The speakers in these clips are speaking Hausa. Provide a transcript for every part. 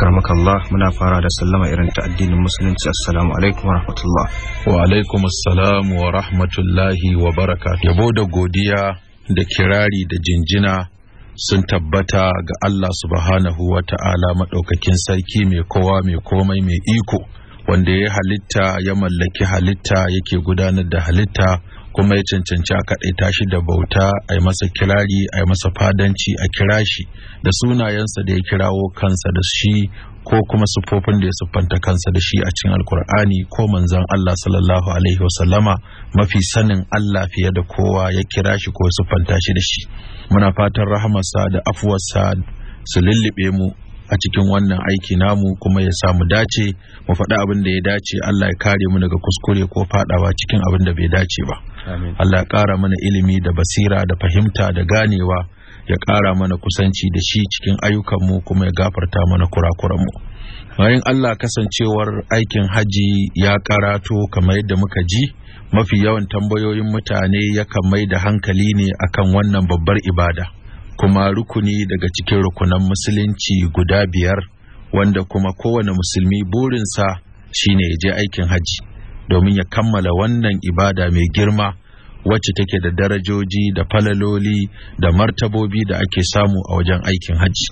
karmaka Allah muna fara da sallama irin ta addinin musulunci assalamu alaikum wa rahmatullah wa alaikum assalam wa rahmatullahi wa baraka yabo da godiya da kirari da jinjina sun tabbata ga Allah subhanahu wa ta'ala maɗaukakin sarki mai kowa mai komai mai iko wanda ya halitta ya mallaki halitta yake gudanar da halitta kuma ya cancanci a kaɗai tashi da bauta a yi masa kirari a yi masa fadanci a kira shi da sunayensa da ya kirawo kansa da shi ko kuma sufofin da ya siffanta kansa da shi a cikin alkur'ani ko manzan Allah sallallahu alaihi wasallama mafi sanin Allah fiye da kowa ya kira shi ko siffanta shi da shi muna fatan rahamarsa da afuwarsa su lullube mu a cikin wannan aiki namu kuma ya sa mu dace mu faɗi abin da ya dace Allah ya kare mu daga kuskure ko faɗawa cikin abin da bai dace ba Allah ya ƙara mana ilimi da basira da fahimta da ganewa ya ƙara mana kusanci da shi cikin ayyukanmu kuma ya gafarta mana kurakuranmu bayan Allah kasancewar aikin haji ya karato kamar yadda muka ji mafi yawan tambayoyin mutane yakan mai da hankali ne akan wannan babbar ibada kuma rukuni daga cikin rukunan musulunci guda biyar wanda kuma kowane musulmi burinsa shine ya je aikin haji domin ya kammala wannan ibada mai girma wacce take da darajoji da falaloli da martabobi da ake samu a wajen aikin haji.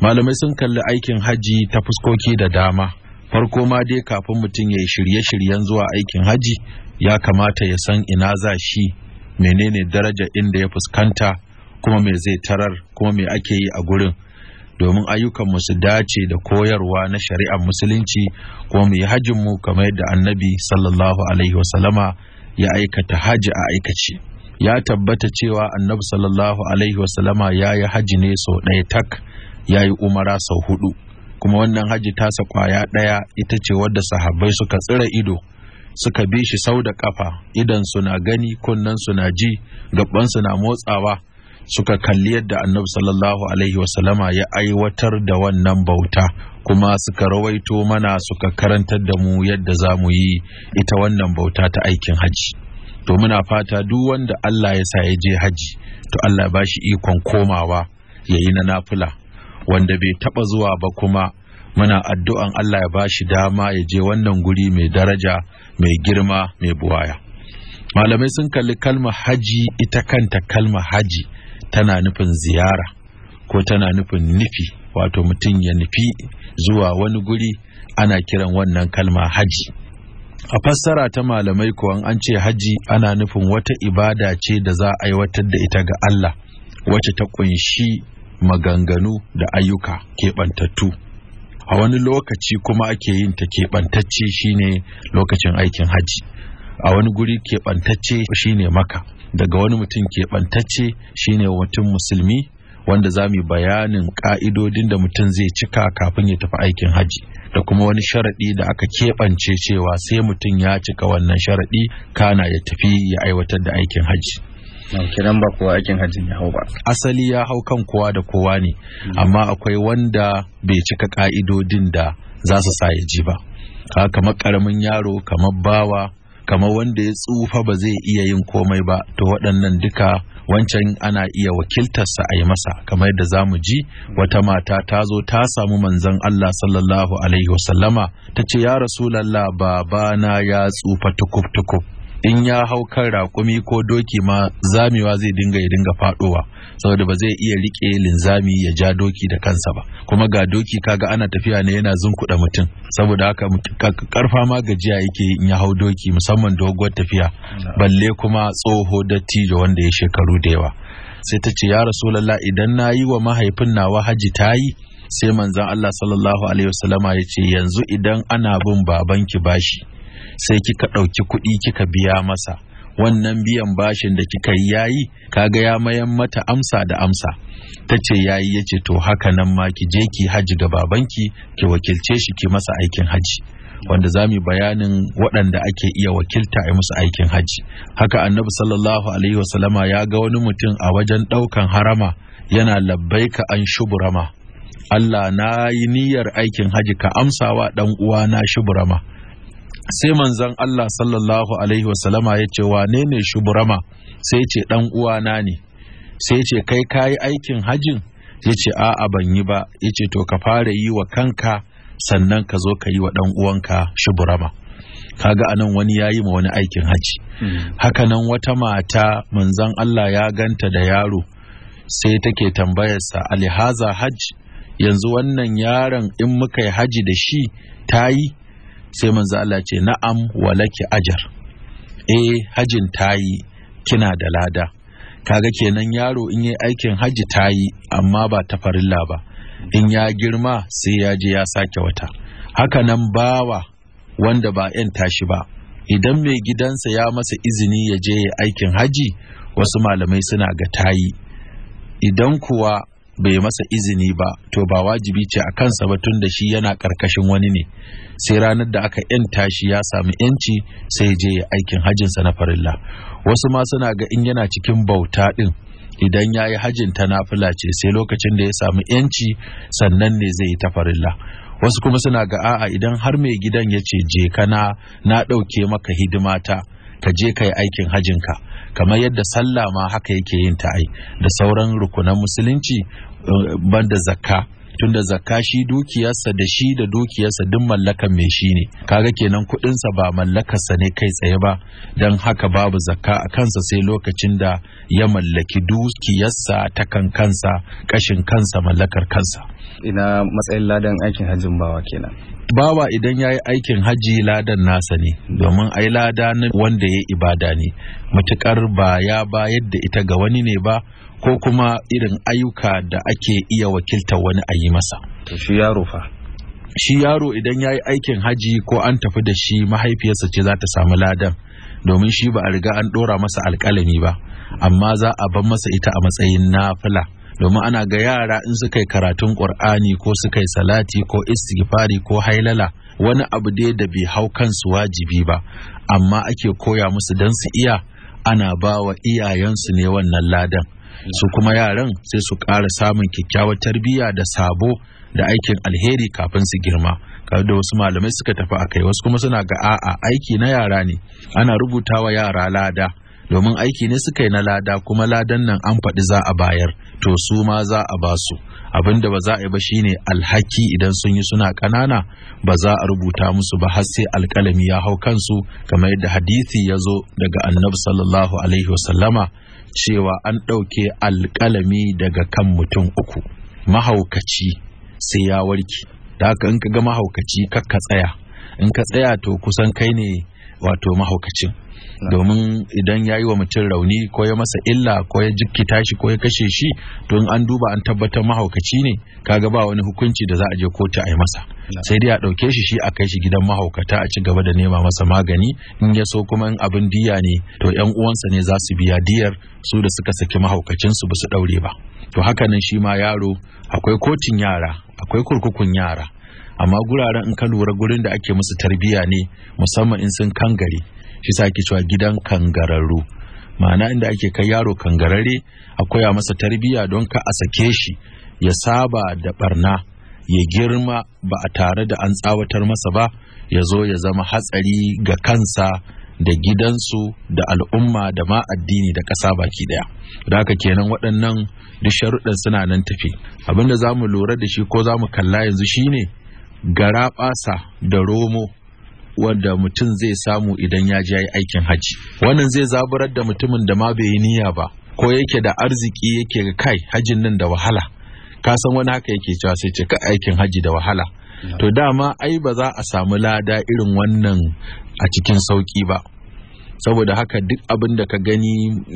malamai sun kalli aikin haji ta fuskoki da dama farko ma dai kafin mutum ya shirye-shiryen zuwa aikin haji, ya kamata ya san ina za shi menene daraja inda ya fuskanta kuma me zai tarar kuma me ake yi a gurin domin ayyukanmu su dace da koyarwa na shari'ar musulunci kuma mu yi hajjinmu kamar yadda annabi sallallahu alaihi wasallama ya aikata haji a aikace ya tabbata cewa annabi sallallahu alaihi wasallama ya yi haji ne sau ɗaya tak ya yi umara sau hudu kuma wannan haji sa kwaya ɗaya ita ce wadda sahabbai suka tsira ido suka bi shi sau da kafa idan suna gani kunnen suna ji gabban na motsawa suka kalli yadda annabi sallallahu alaihi wasallama ya aiwatar da wannan bauta kuma suka rawaito mana suka karantar da mu yadda za mu yi ita wannan bauta ta aikin haji to muna fata duk wanda Allah ya sa ya je haji to Allah ya bashi ikon komawa ya yi na nafila wanda bai taba zuwa ba kuma muna addu'an Allah ya bashi dama ya je wannan guri mai daraja mai girma mai buwaya malamai sun kalli kalmar haji ita kanta kalmar haji tana nufin ziyara ko tana nufin nufi wato mutum ya nufi zuwa wani guri ana kiran wannan kalma haji a fassara ta malamai ko an ce haji ana nufin wata ibada ce da za a aiwatar da ita ga Allah wacce ta kunshi maganganu da ayyuka keɓantattu a wani lokaci kuma ake yin ta keɓantacce shine lokacin aikin haji a wani guri keɓantacce shine maka daga wani mutum keɓantacce shine mutum musulmi wanda za mu bayanin ka'idodin da mutum zai cika kafin ya tafi aikin haji da kuma wani sharaɗi da aka keɓance cewa sai mutum ya cika wannan sharaɗi kana ya tafi ya aiwatar da aikin haji kiran ba kowa aikin hajjin ya hau ba asali ya hau kan kowa da kowa ne amma akwai wanda bai cika ka'idodin da za su sa ya ji ba kamar karamin yaro kamar bawa kamar wanda ya tsufa ba zai iya yin komai ba to waɗannan duka wancan ana iya wakiltarsa a yi masa kamar yadda za mu ji wata mata ta zo ta samu manzon Allah sallallahu alaihi wasallama ta ce ya rasulallah babana ya tsufa tukuf-tukuf. in ya hau kan raƙumi ko doki ma zamewa zai dinga ya dinga faɗowa saboda ba zai iya riƙe linzami ya ja doki da kansa ba kuma ga doki kaga ana tafiya ne yana zunkuɗa mutum saboda haka karfa ma gajiya yake in ya hau doki musamman doguwar tafiya balle kuma tsoho dattijo wanda ya shekaru da yawa sai ta ce ya rasulallah idan na yi wa mahaifin nawa haji ta yi sai manzon Allah sallallahu alaihi wasallama ya ce yanzu idan ana bin babanki bashi sai kika ɗauki kuɗi kika biya masa wannan biyan bashin da kika yi yayi kaga ya mayan mata amsa da amsa ta ce yayi ya ce to haka nan ma ki je ki haji da babanki ki wakilce shi ki masa aikin haji wanda za mu bayanin waɗanda ake iya wakilta a musu aikin haji haka annabi sallallahu alaihi wasallama ya ga wani mutum a wajen ɗaukan harama yana labbaika an shuburama Allah na yi niyyar aikin haji ka amsawa ɗan uwa na shuburama sai manzon Allah sallallahu alaihi wasallama ya ce wane ne shuburama sai ce dan uwana ne sai ce kai kayi aikin hajin ya ce a'a ban yi ba ya ce to ka fara yi wa kanka sannan ka zo ka yi wa dan uwanka Ka ga anan wani ya yi ma wani aikin haji hmm. haka nan wata mata manzon Allah ya ganta da yaro sai take tambayarsa alihaza hajji yanzu wannan yaron in muka yi haji da shi ta yi sai manzo Allah ce na'am walaki ajar eh hajin tayi kina da lada kaga kenan yaro in yi aikin haji tayi amma ba ta farilla ba in ya girma sai ya je ya sake wata haka nan bawa wanda ba 'yan tashi ba idan mai gidansa ya masa izini ya je aikin haji wasu malamai suna ga tayi idan kuwa bai masa izini ba to ba wajibi ce a kansa ba tun da shi yana karkashin wani ne sai ranar da aka yanta shi ya samu yanci sai je ya aikin sa na farilla wasu ma suna ga in yana cikin bauta din idan ya yi hajjin ta nafila ce sai lokacin da ya samu yanci sannan ne zai yi ta farilla wasu kuma suna ga a'a idan har mai gidan ya ce je kana na ɗauke maka hidimata ka je ka yi aikin ka kamar yadda sallah ma haka yake yin ta ai da sauran rukunan musulunci Eh, banda zakka tunda zakka shi dukiyarsa da shi da dukiyarsa duk mallakan mai shi ne kaga kenan kudinsa ba mallakarsa ne kai tsaye ba don haka babu zakka a kansa sai lokacin da ya mallaki dukiyarsa ta kan kansa kashin kansa mallakar kansa ina matsayin ladan aikin hajjin bawa kenan bawa idan ya yi aikin hajji ladan nasa ne domin ai lada wanda ya ibada ne matukar ba ya bayar da ita ga wani ne ba ko kuma irin ayyuka da ake iya wakilta wani a yi masa shi yaro fa shi yaro idan ya yi aikin haji ko an tafi da shi mahaifiyarsa ce za ta samu ladan domin shi ba a riga an ɗora masa alƙalami ba amma za a ban masa ita a matsayin nafila domin ana ga yara in suka yi karatun ƙur'ani ko suka yi salati ko istighfari ko hailala wani abu dai da bai hau kansu wajibi ba amma ake koya musu don su iya ana bawa wa iyayensu ne wannan ladan su kuma yaran sai su ƙara samun kyakkyawar tarbiyya da sabo da aikin alheri kafin su girma kawai da wasu malamai suka tafi a kai wasu kuma suna ga a'a aiki na yara ne ana rubuta wa yara lada domin aiki ne suka yi na lada kuma ladan nan an faɗi za a bayar to su ma za a ba su abin da ba za a yi ba shine alhaki idan sun yi suna ƙanana ba za a rubuta musu ba har sai alƙalami ya hau kansu kamar yadda hadisi ya zo daga annabi sallallahu alaihi wasallama cewa an ɗauke alƙalami daga kan mutum uku mahaukaci sai ya warke da haka in ka ga mahaukaci kakka tsaya in ka tsaya to kusan kai ne wato mahaukacin domin idan ya yi wa mutum rauni ko ya masa illa ko ya jikkita shi ko ya kashe shi to in an duba an tabbatar mahaukaci ne kaga ba wani hukunci da za a je kotu a yi masa sai dai a ɗauke shi shi a kai shi gidan mahaukata a ci gaba da nema masa magani in ya so kuma in abin diya ne to yan uwansa ne za su biya diyar su da suka saki mahaukacin su su ɗaure ba to hakanan shi ma yaro akwai kotun yara akwai kurkukun yara amma guraren in ka lura gurin da ake musu tarbiya ne musamman in sun kangare shi sa ake cewa gidan kangararru ma'ana inda ake kai yaro kangarare a koya masa tarbiyya don ka a sake shi ya saba da barna ya girma ba a tare da an tsawatar masa ba ya zo ya zama hatsari ga kansa da gidansu da al'umma da ma addini da ƙasa baki ɗaya da haka kenan waɗannan duk sharuɗan suna nan tafi abinda za mu lura da shi ko za mu kalla yanzu shine garaɓasa da romo Wanda mutum zai samu idan ya je aikin haji. wannan zai zaburar da mutumin da ma bai yi niyya ba ko yake da arziki yake kai hajin nan da wahala ka san wani haka yake cewa sai ce ka aikin haji da wahala to dama ai ba za a samu lada irin wannan a cikin sauki ba saboda haka duk abin da ka gani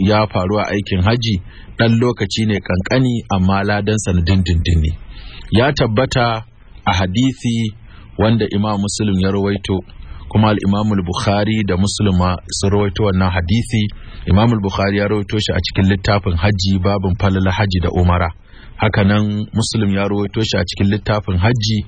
ya faru a aikin haji Dan lokaci ne kankani amma ladan sanadin dindin ne ya tabbata a hadisi wanda imam muslim ya rawaito kuma Al'imamul bukhari da Musulma sun rawaito wannan hadisi imamul bukhari ya rawaito shi a cikin littafin hajji babin falal hajji da umara hakanan muslim ya rawaito shi a cikin littafin hajji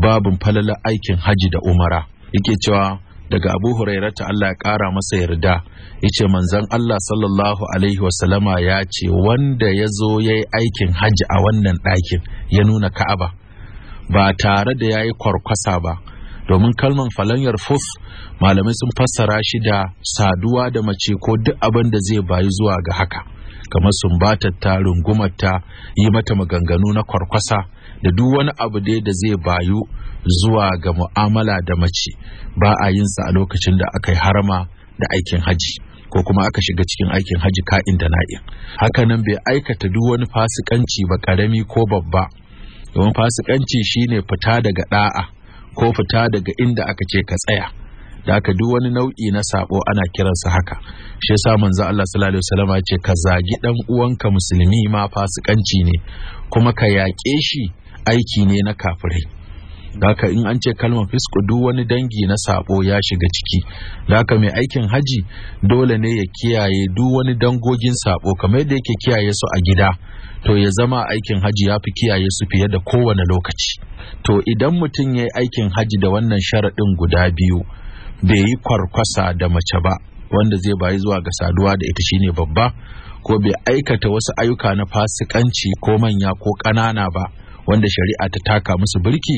babin falal aikin hajji da umara yake cewa daga abu hurairata Allah ya kara masa yarda yace manzon Allah sallallahu alaihi wasallama ya ce wanda ya zo ya yi aikin hajji a wannan ɗakin ya nuna ka'aba ba tare da ya yi kwarkwasa ba domin kalman falanyar fus malamai sun fassara shi da saduwa da mace ko duk abin da zai bayi zuwa ga haka kamar ta sun sumbatarta rungumarta yi mata maganganu na kwarkwasa da duk wani abu dai da zai bayu zuwa ga mu'amala da mace ba a yin sa a lokacin da aka yi harama da aikin haji ko kuma aka shiga cikin aikin haji ka'in da na'in hakanan bai aikata duk wani fasikanci ba karami ko babba domin fasikanci shine fita daga da'a ko fita daga inda aka ce ka tsaya da aka duk wani nau'i na sabo ana kiransa haka shi yasa manzo Allah sallallahu alaihi wasallam ya ce ka zagi dan uwanka musulmi ma fasikanci ne kuma ka yaƙe shi aiki ne na kafirai Daka in an ce kalmar fisku duk wani dangi na sabo ya shiga ciki Daka mai aikin haji dole ne ya kiyaye duk wani dangogin sabo kamar yadda yake kiyaye su a gida to ya zama aikin haji ya fi kiyaye su fiye da kowane lokaci to idan mutum ya yi aikin haji da wannan sharaɗin guda biyu bai yi kwarkwasa da mace ba wanda zai bayi zuwa ga saduwa da ita shine babba ko bai aikata wasu ayyuka na fasikanci ko manya ko ƙanana ba wanda shari'a ta taka musu birki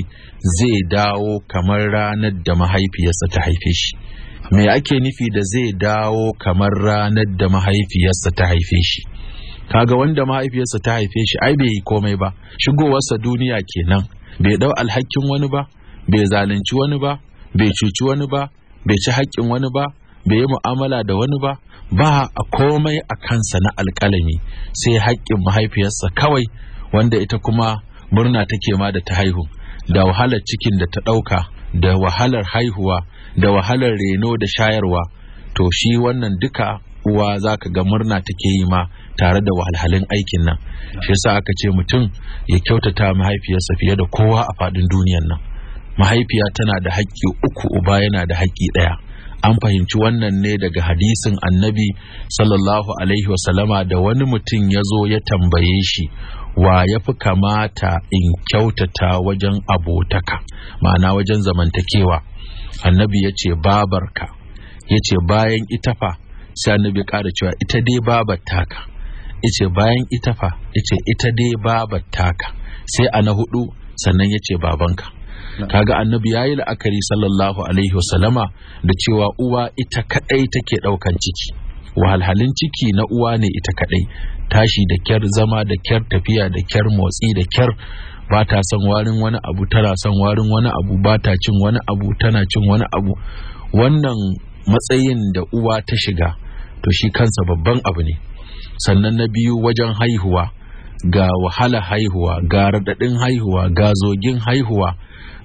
zai dawo kamar ranar da mahaifiyarsa ta haife shi me ake nufi da zai dawo kamar ranar da mahaifiyarsa ta haife shi kaga wanda mahaifiyarsa ta haife shi ai bai yi komai ba shigowarsa duniya kenan bai dau alhakin wani ba bai zalunci wani ba bai cuci wani ba bai ci haƙƙin wani ba bai yi mu'amala da wani ba ba a komai a kansa na alƙalami sai haƙƙin mahaifiyarsa kawai wanda ita kuma murna take ma da ta haihu da wahalar cikin da ta ɗauka da wahalar haihuwa da wahalar reno da shayarwa to shi wannan duka uwa za ka ga murna take yi ma tare da wahalhalin aikin nan shi yasa aka ce mutum ya kyautata mahaifiyarsa fiye da kowa a faɗin duniyan nan mahaifiya tana da haƙƙi uku uba yana da haƙƙi ɗaya an fahimci wannan ne daga hadisin annabi sallallahu alaihi wasallama da wani mutum ya zo ya tambaye shi wa ya fi kamata in kyautata wajen abotaka ma'ana wajen zamantakewa annabi ya ce babarka ya ce bayan ita fa sai annabi ya ƙara cewa ita dai babar taka ya ce bayan ita fa ya ce ita dai babar taka sai a na hudu sannan ya ce babanka kaga annabi ya yi la'akari sallallahu alaihi wasallama da cewa uwa ita kadai take ɗaukan ciki wahalhalin ciki na uwa ne ita kadai tashi da kyar zama da kyar tafiya da kyar motsi da kyar ba ta son warin wani abu tana son warin wani abu ba ta cin wani abu tana cin wani abu wannan matsayin da uwa ta shiga to shi kansa babban abu ne sannan na biyu wajen haihuwa ga wahala haihuwa ga raɗaɗin haihuwa ga zogin haihuwa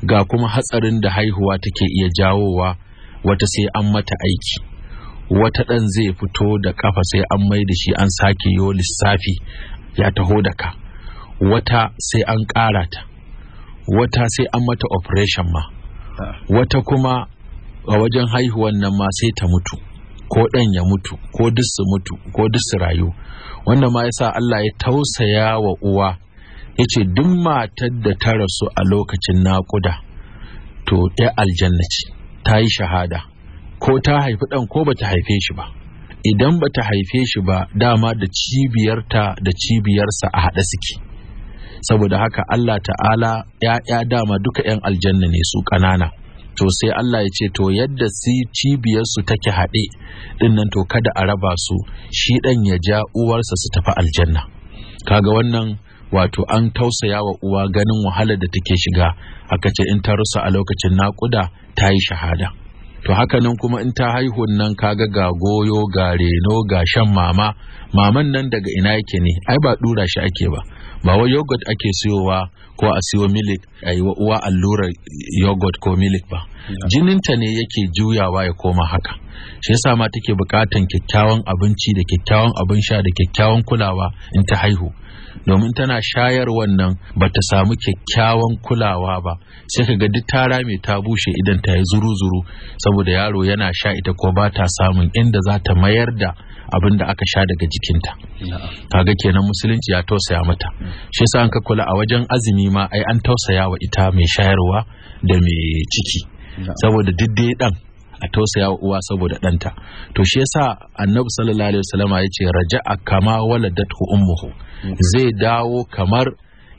ga kuma hatsarin da haihuwa take iya jawowa wata sai an mata aiki wata ɗan zai fito da kafa sai an mai da shi an sake yo lissafi ya taho da ka wata sai an ƙara ta wata sai an mata operation ma wata kuma a wajen haihuwan nan ma sai ta mutu ko ɗan ya mutu ko duk su mutu ko duk su rayu wannan ma yasa Allah ya tausaya wa uwa yace duk matar da ta rasu a lokacin naƙuda to ya aljanna ce ta yi shahada ko ta haifi ɗan ko bata haife shi ba idan bata haife shi ba dama da cibiyarta da cibiyarsa a haɗe suke saboda haka Allah ta'ala ya'ya dama duka 'yan aljanna ne su ƙanana to sai Allah ya ce to yadda si cibiyarsu take haɗe dinnan to kada a raba su shi ɗan ya ja uwarsa su tafi aljanna kaga wannan wato an tausaya wa uwa ganin wahala da take shiga aka ce in ta rusa a lokacin naƙuda ta yi shahada to haka nan kuma in ta haihun nan kaga ga goyo ga reno ga shan mama maman nan daga ina yake ne ai ba dura shi ake ba ba wai yogurt ake siyowa ko a siyo milik a yi uwa allurar yogurt ko milik ba jininta ne yake juyawa ya koma haka shi yasa ma take bukatan kyakkyawan abinci da kyakkyawan abin sha da kyakkyawan kulawa in ta haihu domin tana shayar wannan bata samu kyakkyawan kulawa ba sai ka ga duk ta rame ta bushe idan ta yi zuru-zuru saboda yaro yana sha ita ko ba ta samun inda za ta mayar da abin da aka sha daga jikinta kaga kenan musulunci ya tausaya mata shi yasa an ka kula a wajen azumi ma ai an tausaya wa ita mai shayarwa da mai ciki saboda duk dai dan a tausaya uwa saboda ɗanta to shi yasa annabi sallallahu alaihi wasallam ya ce raja'a kama waladatu ummuhu zai dawo kamar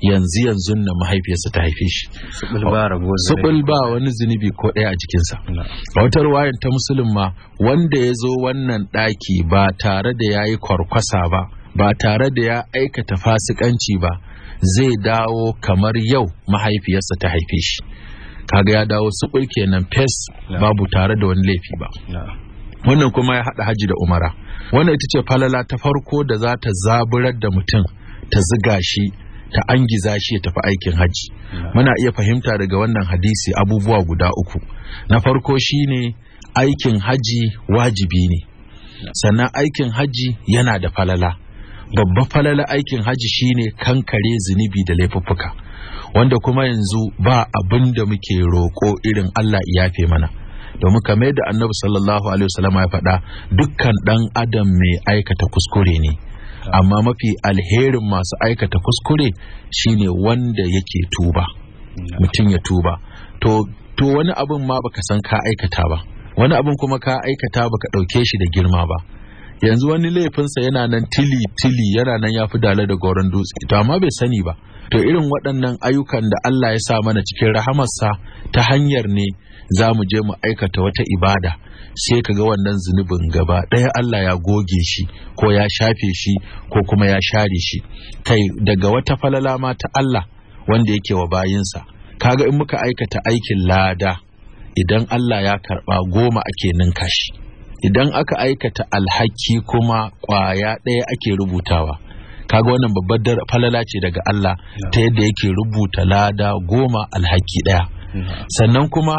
yanzu yanzu na mahaifiyarsa ta haife shi subul ba wani zunubi ko ɗaya a jikinsa a wata ruwayan ta musulun ma wanda ya zo wannan ɗaki ba tare da ya yi kwarkwasa ba ba tare da ya aikata fasikanci ba zai dawo kamar yau mahaifiyarsa ta haife shi kaga ya dawo suɓul kenan fes babu tare da wani laifi ba wannan kuma ya haɗa haji da umara wannan ita ce falala ta farko da za ta zaburar da mutum ta ziga shi ta angiza shi ya tafi aikin haji muna iya fahimta daga wannan hadisi abubuwa guda uku na farko shine aikin haji wajibi ne sannan aikin haji yana da falala babba falala aikin haji shine kankare zunubi da laifuffuka wanda kuma yanzu ba abin da muke roƙo irin Allah ya yafe mana domin kame da annabi sallallahu alaihi wasallam ya faɗa dukkan ɗan adam mai aikata kuskure ne amma mafi alherin masu aikata kuskure shine wanda yake tuba mutum ya tuba to wani abin ma baka san ka aikata ba wani abin kuma ka aikata baka ɗauke shi da girma ba yanzu wani laifinsa yana nan tili tili yana nan ya fi dala da goron dutse to amma bai sani ba to irin waɗannan ayyukan da Allah ya sa mana cikin rahamarsa ta hanyar ne za mu je mu aikata wata ibada sai ka ga wannan zunubin gaba ɗaya Allah ya goge shi ko ya shafe shi ko kuma ya share shi kai daga wata falala ma ta Allah wanda yake wa bayinsa kaga in muka aikata aikin lada idan Allah ya karɓa goma ake ninka shi idan aka aikata alhaki kuma ƙwaya ɗaya ake rubutawa kaga wannan babbar falala ce daga Allah ta yadda yake rubuta lada goma alhaki daya sannan kuma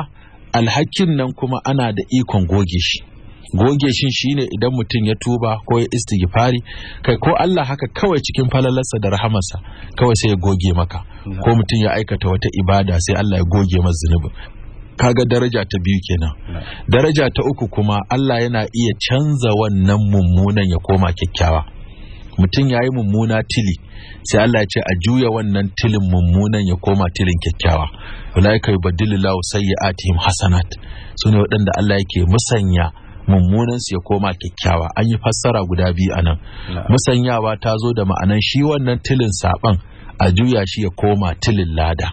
alhakin nan kuma ana da ikon goge shi goge shi shine idan mutum ya tuba ko ya istighfari kai ko Allah haka kawai cikin falalarsa da rahamarsa kawai sai ya goge maka ko mutum ya aikata wata ibada sai Allah ya goge masa zunubin kaga daraja ta biyu kenan daraja ta uku kuma Allah yana iya canza wannan mummunan ya koma kyakkyawa mutum ya yi mummuna tili sai Allah ya ce a juya wannan tilin mummunan ya koma tilin kyakkyawa ulaika yubaddilillahu sayyi'atihim hasanat Su ne waɗanda Allah yake musanya mummunan su ya koma kyakkyawa an yi fassara guda biyu anan musanyawa ta zo da ma'anan shi wannan tilin saban a juya shi ya koma tilin lada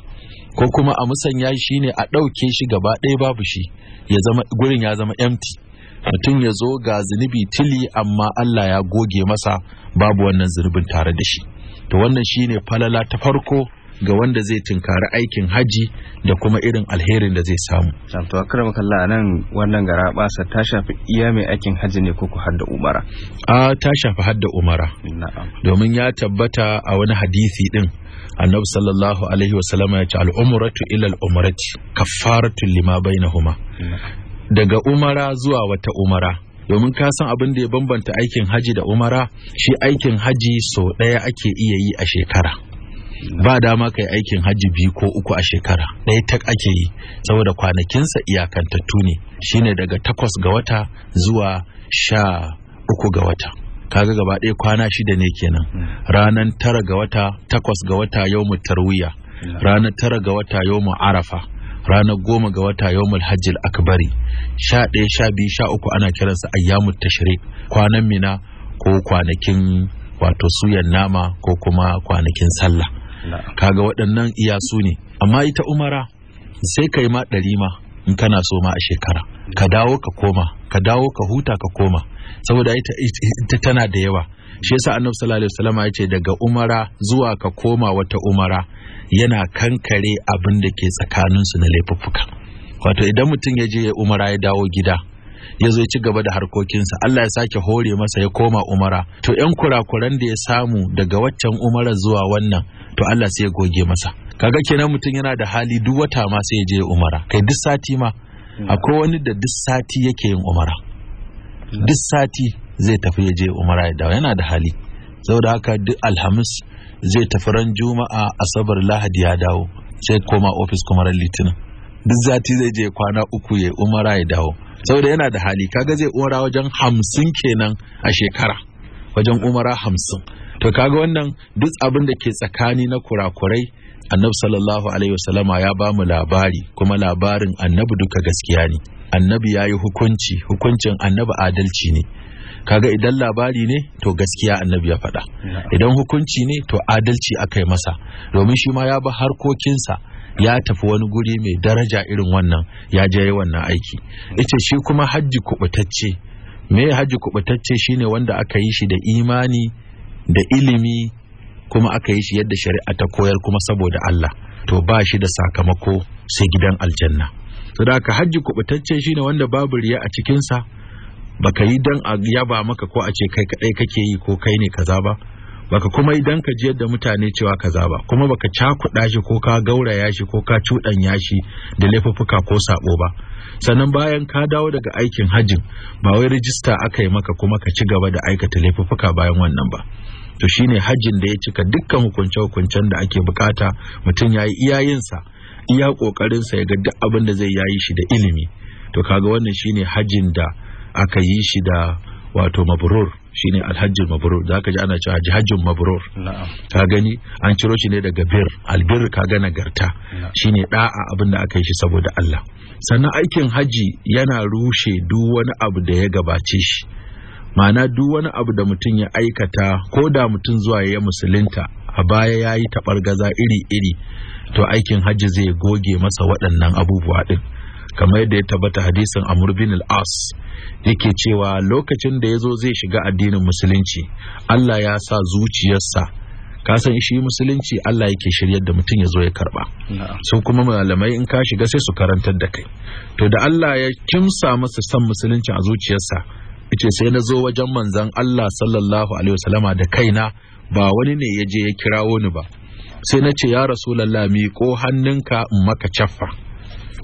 ko kuma a musanya shi ne a ɗauke shi gaba ɗaya babu shi ya zama gurin ya zama empty mutum ya zo ga zunubi tili amma Allah ya goge masa babu wannan zunubin tare da shi to wannan shine falala ta farko ga wanda zai tunkari aikin haji da kuma irin alherin da zai samu. to akram kallah nan wannan garaba sa ta shafi iya mai aikin haji ne ko hadda umara. A ta shafi hadda umara. Na'am. Domin ya tabbata a wani hadisi din Annabi sallallahu alaihi wasallam ya ce al-umratu ila al-umrati kaffaratu lima bainahuma. daga umara zuwa wata umara domin ka san abin da ya bambanta aikin haji da umara shi aikin haji sau ɗaya ake iya yi a shekara ba dama yi aikin haji biyu ko uku a shekara ɗaya tak ake yi saboda kwanakinsa iyakantattu ne shine daga takwas ga wata zuwa sha uku ga wata kaga gaba ɗaya kwana shida ne kenan ranar tara ga wata takwas ga wata yau mu tarwiya ranar tara ga wata yau mu arafa ranar goma ga wata yawmul hajjil akbari sha ɗaya sha biyu sha uku ana kiransa ta tashrik kwanan mina ko kwanakin wato suyan nama ko kuma kwanakin sallah kaga waɗannan iyasu ne amma ita umara sai kai ma ɗari ma in kana so ma a shekara ka dawo ka koma ka dawo ka huta ka koma saboda ita tana da yawa shi yasa annabi sallallahu alaihi wasallam ya ce daga umara zuwa ka koma wata umara yana kankare abin da ke tsakanin su na laifuffuka wato idan mutum ya je umara ya dawo gida ya zo ya ci gaba da harkokinsa Allah ya sake hore masa ya koma umara to yan kurakuran da ya samu daga waccan umara zuwa wannan to Allah sai ya goge masa kaga kenan mutum yana da hali duk wata ma sai je umara kai duk sati ma hmm. akwai wani da duk sati yake yin umara duk sati zai tafi ya je umara ya dawo yana da hali saboda haka duk alhamis zai tafi ran juma'a asabar lahadi ya dawo sai koma ofis kuma ran litinin duk sati zai je kwana uku ya umara ya dawo saboda yana da hali kaga zai umara wajen hamsin kenan a shekara wajen umara hamsin to kaga wannan duk abin da ke tsakani na kurakurai annabi sallallahu alaihi wasallama ya ba mu labari kuma labarin annabi duka gaskiya ne annabi ya yi hukunci hukuncin annabi adalci ne kaga idan labari ne to gaskiya annabi ya faɗa idan hukunci ne to adalci aka yi masa domin shi ma ya bi harkokinsa ya tafi wani guri mai daraja irin wannan ya je wannan aiki ita shi kuma hajji kubutacce me hajji kubutacce shine wanda aka yi shi da imani da ilimi kuma aka yi shi yadda shari'a ta koyar kuma saboda Allah to ba shi da sakamako sai gidan aljanna saboda hajji kubutacce shine wanda babu riya a cikin sa baka yi dan a yaba maka ko a ce kai kadai kake yi ko kai ne kaza ba baka kuma yi dan ka ji yadda mutane cewa kaza ba kuma baka cakuɗa shi ko ka gauraya shi ko ka cuɗanya shi da laifuffuka ko sabo ba sannan bayan ka dawo daga aikin hajjin ba wai rijista aka yi maka kuma ka ci gaba da aikata laifuffuka bayan wannan ba to shine hajjin da ya cika dukkan hukunce-hukuncen da ake bukata mutum ya yi iyayensa iya kokarinsa ya ga duk abin da zai yayi shi da ilimi to kaga wannan shine hajjin da aka yi shi da wato mabrur shine alhajjin mabrur da ka ji ana cewa hajjin mabrur ka gani an ciro shi ne daga bir albir ka ga nagarta shine da'a abin da aka yi shi saboda Allah sannan aikin haji yana rushe duk wani abu da ya gabace shi ma'ana duk wani abu da mutum ya aikata ko da mutum zuwa ya musulunta a baya ya yi gaza iri-iri to aikin hajji zai goge masa waɗannan abubuwa ɗin kamar yadda ya tabbata hadisin amur bin al-as yake cewa lokacin da ya zo zai shiga addinin musulunci allah ya sa zuciyarsa kasan shi musulunci Allah yake shiryar da mutum ya zo ya karba su kuma malamai in ka shiga sai su karantar da kai to da Allah ya kimsa masa san musulunci a zuciyarsa ce sai na zo wajen manzan Allah sallallahu alaihi wasallama da kaina ba wani ne ya je ya kirawo ni ba sai na ce ya rasulallah miƙo hannunka in maka caffa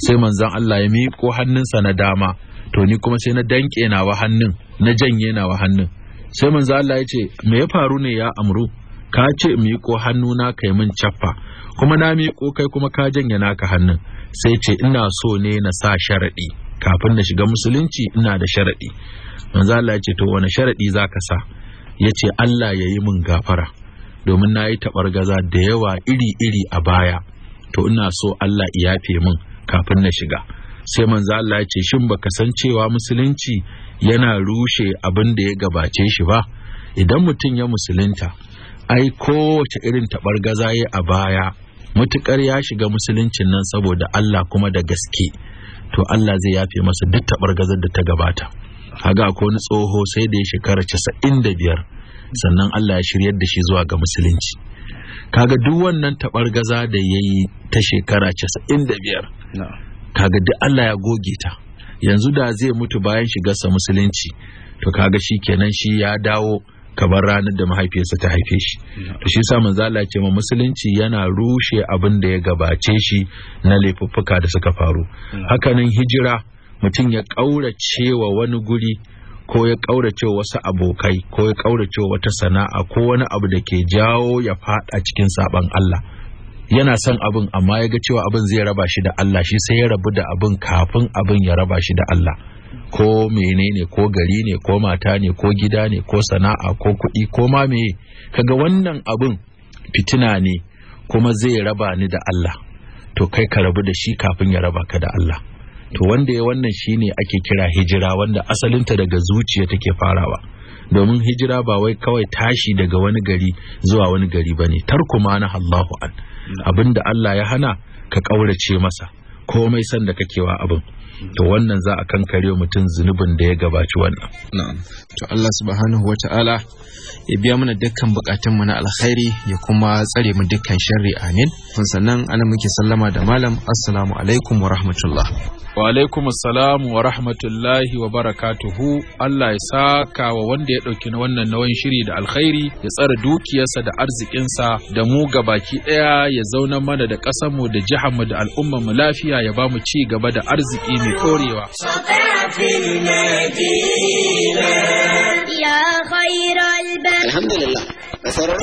sai manzan Allah ya miƙo hannunsa na dama to ni kuma sai na danƙe na wa hannun na janye na wa hannun sai manzan Allah ya ce me ya faru ne ya amru ka ce miƙo hannuna kai min caffa kuma na miƙo kai kuma ka janye naka hannun sai ce ina so ne na sa sharaɗi kafin na shiga musulunci ina da sharaɗi manzo Allah ya to wani sharaɗi zaka sa yace Allah ya yi min gafara domin na yi gaza da yawa iri-iri a baya to ina so Allah ya yafe min kafin na shiga sai manzo Allah ya ce shin baka san cewa musulunci yana rushe abin da ya gabace shi ba idan mutum ya musulunta ai kowace irin gaza ya a baya mutukar ya shiga musuluncin nan saboda Allah kuma da gaske to Allah zai yafe masa duk taɓar gazar da ta gabata haga ko wani tsoho sai da ya shekara casa'in da biyar sannan Allah ya shiryar da shi zuwa ga musulunci kaga duk wannan taɓar gaza da ya yi ta shekara casa'in da biyar kaga duk Allah ya goge ta yanzu da zai mutu bayan shigarsa musulunci to kaga shi kenan shi ya dawo kamar ranar da mahaifiyarsa ta haife shi to shi sa manzo Allah ce ma musulunci yana rushe abin da ya gabace shi na laifuffuka da suka faru haka nan hijira mutum ya kaurace wa wani guri ko ya kaurace wasu abokai ko ya kaurace wata sana'a ko wani abu da ke jawo ya fada cikin saban Allah yana son abin amma ya ga cewa abin zai raba shi da Allah shi sai ya rabu da abin kafin abin ya raba shi da Allah ko menene ko gari ne ko mata ne ko gida ne ko sana'a ko kuɗi ko ma meye kaga wannan abun fitina ne kuma zai raba ni da Allah to kai ka rabu da shi kafin ya raba ka da Allah to wanda ya wannan shine ake kira hijira wanda asalinta daga zuciya take farawa domin hijira ba wai kawai tashi daga wani gari zuwa wani gari bane tarku ma na Allahu an abinda Allah ya hana ka ƙaurace masa komai san da kake wa abin to wannan za a kankare mutum zunubin da ya gabaci wannan na'am to Allah subhanahu wata'ala ya biya mana dukkan bukatun mu na alkhairi ya kuma tsare mu dukkan sharri amin sannan ana muke sallama da malam assalamu alaikum wa rahmatullah wa alaikum wa rahmatullahi wa barakatuhu Allah ya saka wa wanda ya ɗauki na wannan nawan shiri da alkhairi ya tsara dukiyarsa da arzikinsa da mu ga baki ɗaya ya zauna mana da ƙasarmu da jiharmu da al'ummarmu lafiya ya ba mu ci gaba da arziki mai ɗorewa. Alhamdulillah.